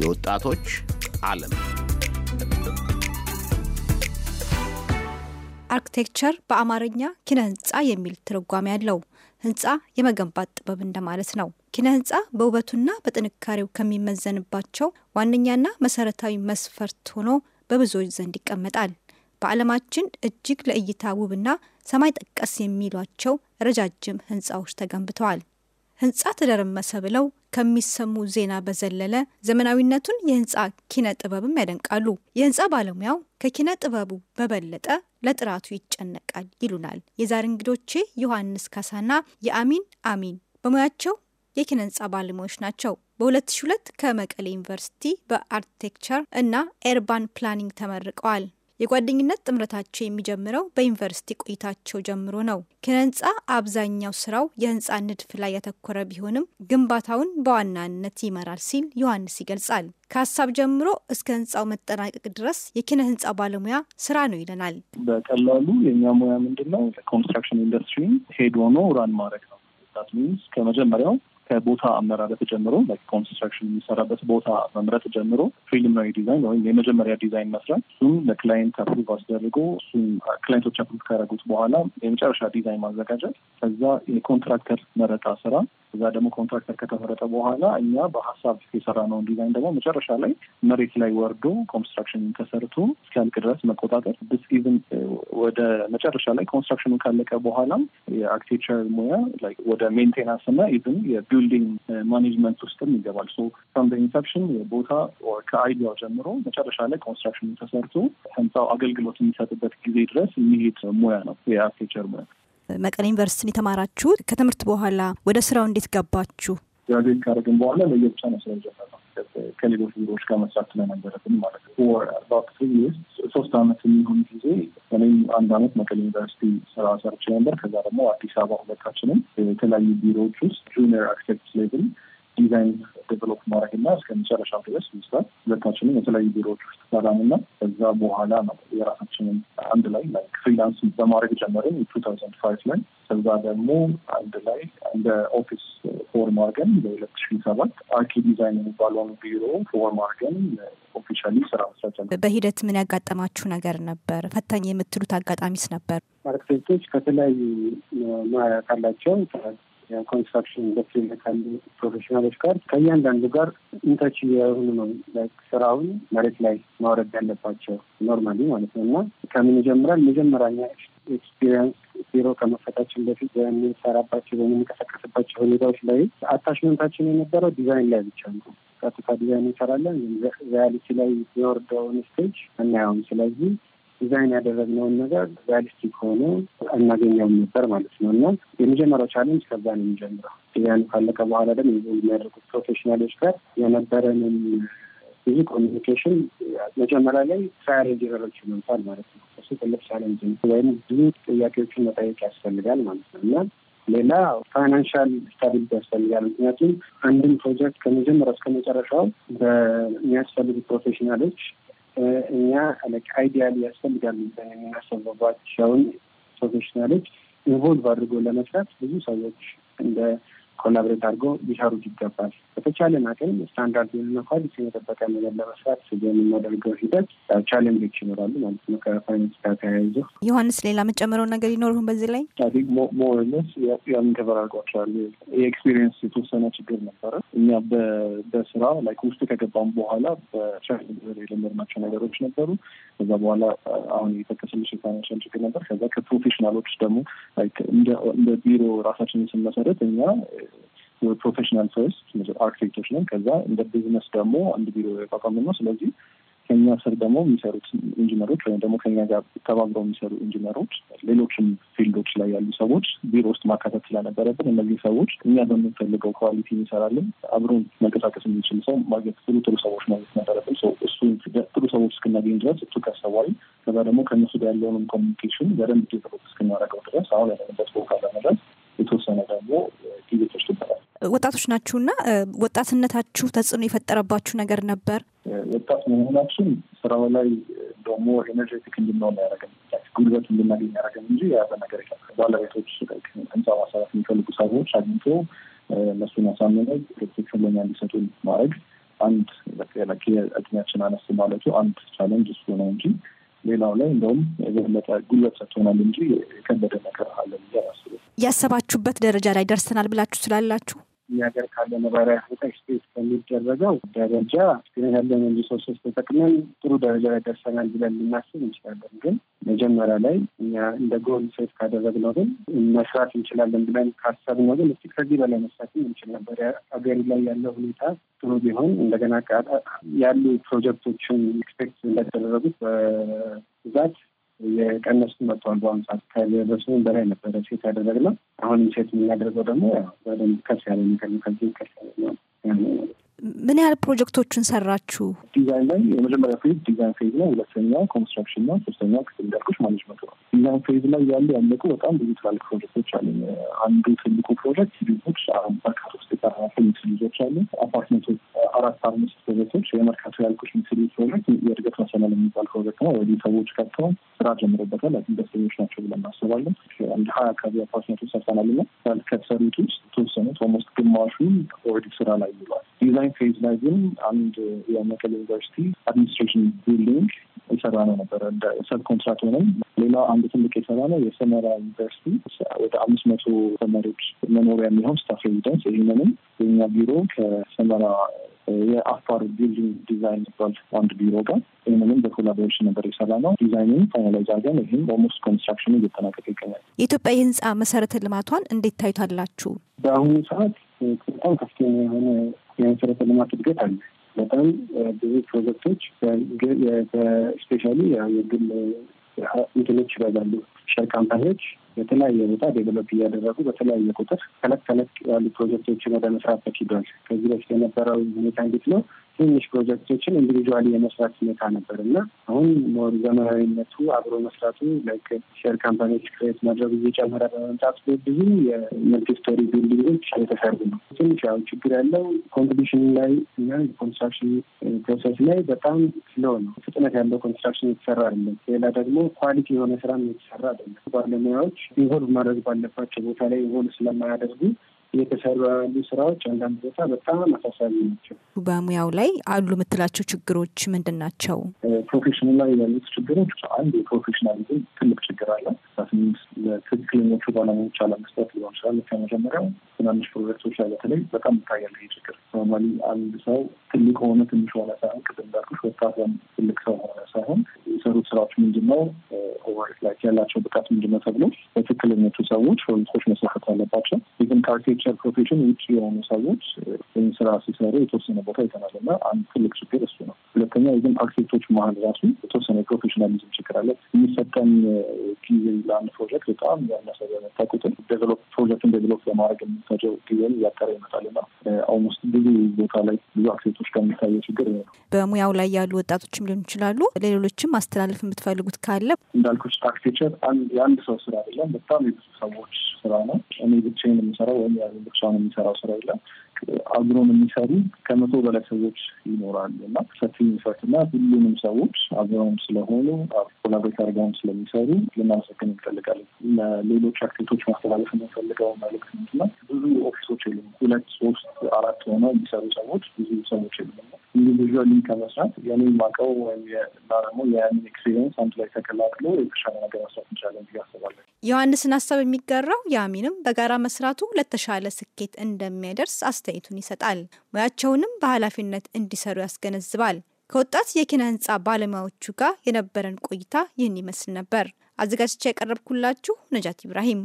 የወጣቶች ዓለም አርክቴክቸር በአማርኛ ኪነ ህንፃ የሚል ትርጓሜ ያለው ህንፃ የመገንባት ጥበብ እንደማለት ነው። ኪነ ህንፃ በውበቱና በጥንካሬው ከሚመዘንባቸው ዋነኛና መሰረታዊ መስፈርት ሆኖ በብዙዎች ዘንድ ይቀመጣል። በዓለማችን እጅግ ለእይታ ውብና ሰማይ ጠቀስ የሚሏቸው ረጃጅም ህንፃዎች ተገንብተዋል። ህንፃ ተደረመሰ ብለው ከሚሰሙ ዜና በዘለለ ዘመናዊነቱን የህንፃ ኪነ ጥበብም ያደንቃሉ። የህንፃ ባለሙያው ከኪነ ጥበቡ በበለጠ ለጥራቱ ይጨነቃል ይሉናል። የዛሬ እንግዶቼ ዮሐንስ ካሳና የአሚን አሚን በሙያቸው የኪነ ህንፃ ባለሙያዎች ናቸው። በ2002 ከመቀሌ ዩኒቨርሲቲ በአርኪቴክቸር እና ኤርባን ፕላኒንግ ተመርቀዋል። የጓደኝነት ጥምረታቸው የሚጀምረው በዩኒቨርሲቲ ቆይታቸው ጀምሮ ነው። ኪነ ህንፃ አብዛኛው ስራው የህንፃ ንድፍ ላይ ያተኮረ ቢሆንም ግንባታውን በዋናነት ይመራል ሲል ዮሐንስ ይገልጻል። ከሀሳብ ጀምሮ እስከ ህንፃው መጠናቀቅ ድረስ የኪነ ህንፃ ባለሙያ ስራ ነው ይለናል። በቀላሉ የእኛ ሙያ ምንድን ነው? ኮንስትራክሽን ኢንዱስትሪ ሄድ ሆኖ ራን ማድረግ ነው። ከመጀመሪያው ከቦታ አመራረት ጀምሮ ኮንስትራክሽን የሚሰራበት ቦታ መምረጥ ጀምሮ ፕሪሊሚናሪ ዲዛይን ወይም የመጀመሪያ ዲዛይን መስራት፣ እሱም ለክላይንት አፕሩቭ አስደርጎ እሱም ክላይንቶች አፕሩቭ ካደረጉት በኋላ የመጨረሻ ዲዛይን ማዘጋጀት፣ ከዛ የኮንትራክተር መረጣ ስራ እዛ ደግሞ ኮንትራክተር ከተመረጠ በኋላ እኛ በሀሳብ የሰራነውን ዲዛይን ደግሞ መጨረሻ ላይ መሬት ላይ ወርዶ ኮንስትራክሽን ተሰርቶ እስኪያልቅ ድረስ መቆጣጠር ብስ ኢቭን ወደ መጨረሻ ላይ ኮንስትራክሽኑ ካለቀ በኋላም የአርክቴክቸር ሙያ ወደ ሜንቴናንስ እና ኢቭን የቢ ቢልዲንግ ማኔጅመንት ውስጥም ይገባል። ሶ ፍሮም ኢንሰፕሽን የቦታ ከአይዲያው ጀምሮ መጨረሻ ላይ ኮንስትራክሽን ተሰርቶ ህንፃው አገልግሎት የሚሰጥበት ጊዜ ድረስ የሚሄድ ሙያ ነው የአርክቴክቸር ሙያ። መቀሌ ዩኒቨርሲቲን የተማራችሁ ከትምህርት በኋላ ወደ ስራው እንዴት ገባችሁ? ግራጁዌት ካደረግን በኋላ ለየብቻ ነው ስራ ጀመር ከሌሎች ቢሮዎች ጋር መስራት ስለነበረብን ማለት ነው። ሶስት አመት የሚሆን ጊዜ እኔም አንድ አመት መቀሌ ዩኒቨርሲቲ ስራ ሰርቼ ነበር። ከዛ ደግሞ አዲስ አበባ ሁለታችንም የተለያዩ ቢሮዎች ውስጥ ጁኒየር አርክቴክት ሌቭል ዲዛይን ዴቨሎፕ ና እስከ መጨረሻ ድረስ ይመስላል። ሁለታችንም የተለያዩ ቢሮዎች ውስጥ ና ከዛ በኋላ ነው የራሳችንን አንድ ላይ ፍሪላንስ በማድረግ ጀመርን ቱ ታውዘንድ ፋይቭ ላይ። ከዛ ደግሞ አንድ ላይ እንደ ኦፊስ ፎርም አድርገን በሁለት ሺ ሰባት አርኪ ዲዛይን የሚባለውን ቢሮ ፎርም አድርገን ኦፊሻሊ ስራ መስራት በሂደት ምን ያጋጠማችሁ ነገር ነበር? ፈታኝ የምትሉት አጋጣሚስ ነበር? አርክቴክቶች ከተለያዩ ማያ ካላቸው የኮንስትራክሽን ኢንዱስትሪ ላይ ካሉ ፕሮፌሽናሎች ጋር ከእያንዳንዱ ጋር እንታች የሆኑ ነው ስራውን መሬት ላይ ማውረድ ያለባቸው ኖርማሊ ማለት ነው። እና ከምን ይጀምራል? መጀመሪያኛ ኤክስፒሪየንስ ቢሮ ከመፈታችን በፊት በምንሰራባቸው በምንቀሳቀስባቸው ሁኔታዎች ላይ አታችመንታችን የነበረው ዲዛይን ላይ ብቻ ነው። ቀጥታ ዲዛይን እንሰራለን፣ ሪያሊቲ ላይ የወርደውን ስቴጅ እናየውም። ስለዚህ ዲዛይን ያደረግነውን ነገር ሪያሊስቲክ ሆኖ እናገኘውም ነበር ማለት ነው። እና የመጀመሪያው ቻሌንጅ ከዛ ነው የሚጀምረው። ያን ካለቀ በኋላ ደግሞ የሚያደርጉት ፕሮፌሽናሎች ጋር የነበረንን ብዙ ኮሚኒኬሽን መጀመሪያ ላይ ትራያል ጀነሮች ይመልሳል ማለት ነው። እሱ ትልቅ ቻሌንጅ ወይም ብዙ ጥያቄዎችን መጠየቅ ያስፈልጋል ማለት ነው እና ሌላ ፋይናንሻል ስታቢሊቲ ያስፈልጋል። ምክንያቱም አንድን ፕሮጀክት ከመጀመሪያ እስከ መጨረሻው በሚያስፈልጉ ፕሮፌሽናሎች እኛ አይዲያል ያስፈልጋል ያስፈልጋሉ ብለን የምናስበባቸውን ፕሮፌሽናሎች ኢንቮልቭ አድርጎ ለመስራት ብዙ ሰዎች እንደ ኮላብሬት አድርጎ ሊሰሩት ይገባል። በተቻለን አቅም ስታንዳርዱን ኳሊቲ የጠበቀ ነገር ለመስራት ስ የምናደርገው ሂደት ቻለንጆች ይኖራሉ ማለት ነው። ከፋይናንስ ጋር ተያይዞ ዮሐንስ፣ ሌላ መጨመረው ነገር ይኖርሁን በዚህ ላይ ሞርነስ ሞርለስ ያም ተበራርቋቸዋል። የኤክስፔሪየንስ የተወሰነ ችግር ነበረ። እኛ በስራ ላይ ውስጥ ከገባም በኋላ በቻሌንጅ የለመድናቸው ነገሮች ነበሩ። ከዛ በኋላ አሁን የጠቀስልሽ የፋይናንሻል ችግር ነበር። ከዛ ከፕሮፌሽናሎች ደግሞ እንደ ቢሮ ራሳችንን ስንመሰረት እኛ ፕሮፌሽናል ፈርስት አርክቴክቶች ነን። ከዛ እንደ ቢዝነስ ደግሞ አንድ ቢሮ የቋቋም ነው። ስለዚህ ከኛ ስር ደግሞ የሚሰሩት ኢንጂነሮች ወይም ደግሞ ከኛ ጋር ተባብረው የሚሰሩ ኢንጂነሮች፣ ሌሎችም ፊልዶች ላይ ያሉ ሰዎች ቢሮ ውስጥ ማካተት ስለነበረብን እነዚህ ሰዎች እኛ በምንፈልገው ኳሊቲ እንሰራለን፣ አብሮን መንቀሳቀስ የሚችል ሰው ማግኘት ጥሩ ጥሩ ሰዎች ማግኘት ነበረብን። እሱ ጥሩ ሰዎች እስክናገኝ ድረስ እሱ ከሰዋል። ከዛ ደግሞ ከእነሱ ጋር ያለውንም ኮሚኒኬሽን በደንብ ዴቨሎፕ እስክናደርገው ድረስ አሁን ያለንበት ቦታ ለመድረስ የተወሰነ ደግሞ ወጣቶች ናችሁ ናችሁና ወጣትነታችሁ ተጽዕኖ የፈጠረባችሁ ነገር ነበር? ወጣት መሆናችን ስራው ላይ ደግሞ ኤነርጀቲክ እንድንሆን ያደረገን ጉልበት እንድናገኝ ያደረገን እንጂ የያዘ ነገር ባለቤቶች ህንፃ ማሰራት የሚፈልጉ ሰዎች አግኝቶ እነሱን አሳምነ ፕሮጀክቶቹን ለኛ እንዲሰጡን ማድረግ አንድ እድሜያችን አነስ ማለቱ አንድ ቻለንጅ እሱ ነው እንጂ ሌላው ላይ እንደውም የበለጠ ጉልበት ሰጥቶናል እንጂ የከበደ ነገር አለ ብዬ አላስብም። ያሰባችሁበት ደረጃ ላይ ደርሰናል ብላችሁ ስላላችሁ እኛ ሀገር ካለ ነባራዊ ሁኔታ ከሚደረገው ደረጃ ያለን ሪሶርሶች ተጠቅመን ጥሩ ደረጃ ላይ ደርሰናል ብለን ልናስብ እንችላለን። ግን መጀመሪያ ላይ እኛ እንደ ጎል ሴት ካደረግነው ግን መስራት እንችላለን ብለን ካሰብነው ግን እስኪ ከዚህ በላይ መስራትም እንችል ነበር። አገሪ ላይ ያለው ሁኔታ ጥሩ ቢሆን እንደገና ያሉ ፕሮጀክቶችን ኤክስፔክት እንደተደረጉት በብዛት የቀነሱ መጥተዋል። በአሁኑ ሰዓት ከደረሱን በላይ ነበረ ሴት ያደረግነው። አሁንም ሴት የምናደርገው ደግሞ በደንብ ከፍ ያለ ከዚህ ከፍ ምን ያህል ፕሮጀክቶችን ሰራችሁ? ዲዛይን ላይ የመጀመሪያ ፌዝ ዲዛይን ፌዝ ነው። ሁለተኛው ኮንስትራክሽን ነው። ሶስተኛው ክፍል እንዳልኩሽ ማኔጅመንት ነው። ዲዛይን ፌዝ ላይ ያሉ ያለቁ በጣም ብዙ ትላልቅ ፕሮጀክቶች አሉ። አንዱ ትልቁ ፕሮጀክት ሊዞች መርካቶ ውስጥ የሰራናቸው ምስል ይዞች አሉ። አፓርትመንቶች አራት አምስት ፕሮጀክቶች የመርካቶ ያልኩሽ ሚስል ፕሮጀክት የእድገት መሰናል የሚባል ፕሮጀክት ነው። ወዲህ ሰዎች ከብተው ስራ ጀምሮበታል። ኢንቨስተኞች ናቸው ብለን እናስባለን። አንድ ሀያ አካባቢ አፓርትመንቶች ሰርተናል እና ከተሰሩት ውስጥ ተወሰኑት ኦልሞስት ግማሹ ኦልሬዲ ስራ ላይ ይሏል። ዲዛይን ፌዝ ላይ ግን አንድ የመቀሌ ዩኒቨርሲቲ አድሚኒስትሬሽን ቢልዲንግ የሰራ ነው ነበረ ሰብ ኮንትራክት ሆነም። ሌላው አንድ ትልቅ የሰራ ነው የሰመራ ዩኒቨርሲቲ ወደ አምስት መቶ ተማሪዎች መኖሪያ የሚሆን ስታፍ ሬዚደንስ። ይህንንም የኛ ቢሮ ከሰመራ የአፋር ቢልዲንግ ዲዛይን ይባል አንድ ቢሮ ጋር ይህንንም በኮላቦሬሽን ነበር የሰራ ነው። ዲዛይኑን ፋይናላይዝ አድርገን ይህም ኦልሞስት ኮንስትራክሽኑ እየተጠናቀቀ ይገኛል። የኢትዮጵያ የህንፃ መሰረተ ልማቷን እንዴት ታይቷላችሁ በአሁኑ ሰዓት በጣም ከፍተኛ የሆነ የመሰረተ ልማት እድገት አለ። በጣም ብዙ ፕሮጀክቶች ስፔሻሊ የግል እንትኖች ይበዛሉ። ሸር ካምፓኒዎች በተለያየ ቦታ ዴቨሎፕ እያደረጉ በተለያየ ቁጥር ተለቅ ተለቅ ያሉ ፕሮጀክቶችን ወደ መስራት ሂዷል። ከዚህ በፊት የነበረው ሁኔታ እንዴት ነው? ትንሽ ፕሮጀክቶችን ኢንዲቪጁዋሊ የመስራት ሁኔታ ነበር እና አሁን ሞር ዘመናዊነቱ አብሮ መስራቱ ላይክ ሼር ካምፓኒዎች ክሬት ማድረጉ እየጨመረ በመምጣት ብዙ የመልቲ ስቶሪ ቢልዲንጎች እየተሰሩ ነው። ትንሽ ያው ችግር ያለው ኮንትሪቢሽን ላይ እና የኮንስትራክሽን ፕሮሰስ ላይ በጣም ስሎ ነው። ፍጥነት ያለው ኮንስትራክሽን የተሰራ አይደለም። ሌላ ደግሞ ኳሊቲ የሆነ ስራም የተሰራ አይደለም። ባለሙያዎች ኢንቮልቭ ማድረግ ባለባቸው ቦታ ላይ ኢንቮልቭ ስለማያደርጉ እየተሰሩ ያሉ ስራዎች አንዳንድ ቦታ በጣም አሳሳቢ ናቸው። በሙያው ላይ አሉ የምትላቸው ችግሮች ምንድን ናቸው? ፕሮፌሽናል ላይ ያሉት ችግሮች አንድ የፕሮፌሽናሊዝም ትልቅ ችግር አለ። ለትክክለኞቹ ባለሙያዎች አለመስጠት ሊሆን ይችላል። ከመጀመሪያው ትናንሽ ፕሮጀክቶች ላይ በተለይ በጣም ይታያል ይህ ችግር። ኖርማሊ አንድ ሰው ትልቅ ሆነ ትንሽ ሆነ ሳይሆን ቅድም እንዳልኩሽ ወጣት ትልቅ ሰው ሆነ ሳይሆን የሚሰሩ ስራዎች ምንድን ነው፣ ኦቨርት ላይ ያላቸው ብቃት ምንድን ነው ተብሎ በትክክለኞቹ ሰዎች ፖሊሶች መሰረት አለባቸው። ይህም ከአርኪቴክቸር ፕሮፌሽን ውጭ የሆኑ ሰዎች ይህን ስራ ሲሰሩ የተወሰነ ቦታ ይተናል እና አንድ ትልቅ ችግር እሱ ነው። ሁለተኛ የግን አርክቴክቶች መሀል ራሱ የተወሰነ ፕሮፌሽናሊዝም ችግር አለ። የሚሰጠን ጊዜ ለአንድ ፕሮጀክት በጣም ያነሰ መታቁትን ቁጥር ዴቨሎፕ ፕሮጀክትን ዴቨሎፕ ለማድረግ የምንፈጀው ጊዜ እያጠረ ይመጣልና አልሞስት ብዙ ቦታ ላይ ብዙ አርክቴክቶች ጋር የሚታየው ችግር ነው። በሙያው ላይ ያሉ ወጣቶችም ሊሆን ይችላሉ። ለሌሎችም ማስተላለፍ የምትፈልጉት ካለ እንዳልኩች አርክቴክቸር የአንድ ሰው ስራ አይደለም፣ በጣም የብዙ ሰዎች ስራ ነው። እኔ ብቻዬን የምሰራው ወይም ያ ብቻ ነው የሚሰራው ስራ የለም። አግሮም የሚሰሩ ከመቶ በላይ ሰዎች ይኖራሉ እና ሰፊ ሚፈርትና ሁሉንም ሰዎች አግሮም ስለሆኑ ኮላቦሬት አድርገውም ስለሚሰሩ ልናመሰግን እንፈልጋለን። ለሌሎች አክቲቶች ማስተላለፍ የምንፈልገው መልዕክት ምንድነው? ብዙ ኦፊሶች የሉም። ሁለት፣ ሶስት፣ አራት ሆነው የሚሰሩ ሰዎች ብዙ ሰዎች የሉም። ኢንዲቪዥዋሊ ከመስራት የኔ ማቀው ወይም እና ደግሞ የያንን ኤክስፔሪንስ አንድ ላይ ተቀላቅሎ የተሻለ ነገር መስራት እንችላለን ብዬ አስባለሁ። ዮሐንስን ሀሳብ የሚጋራው የአሚንም በጋራ መስራቱ ለተሻለ ስኬት እንደሚያደርስ አስ አስተያየቱን ይሰጣል። ሙያቸውንም በኃላፊነት እንዲሰሩ ያስገነዝባል። ከወጣት የኪነ ህንፃ ባለሙያዎቹ ጋር የነበረን ቆይታ ይህን ይመስል ነበር። አዘጋጅቻ ያቀረብኩላችሁ ነጃት ኢብራሂም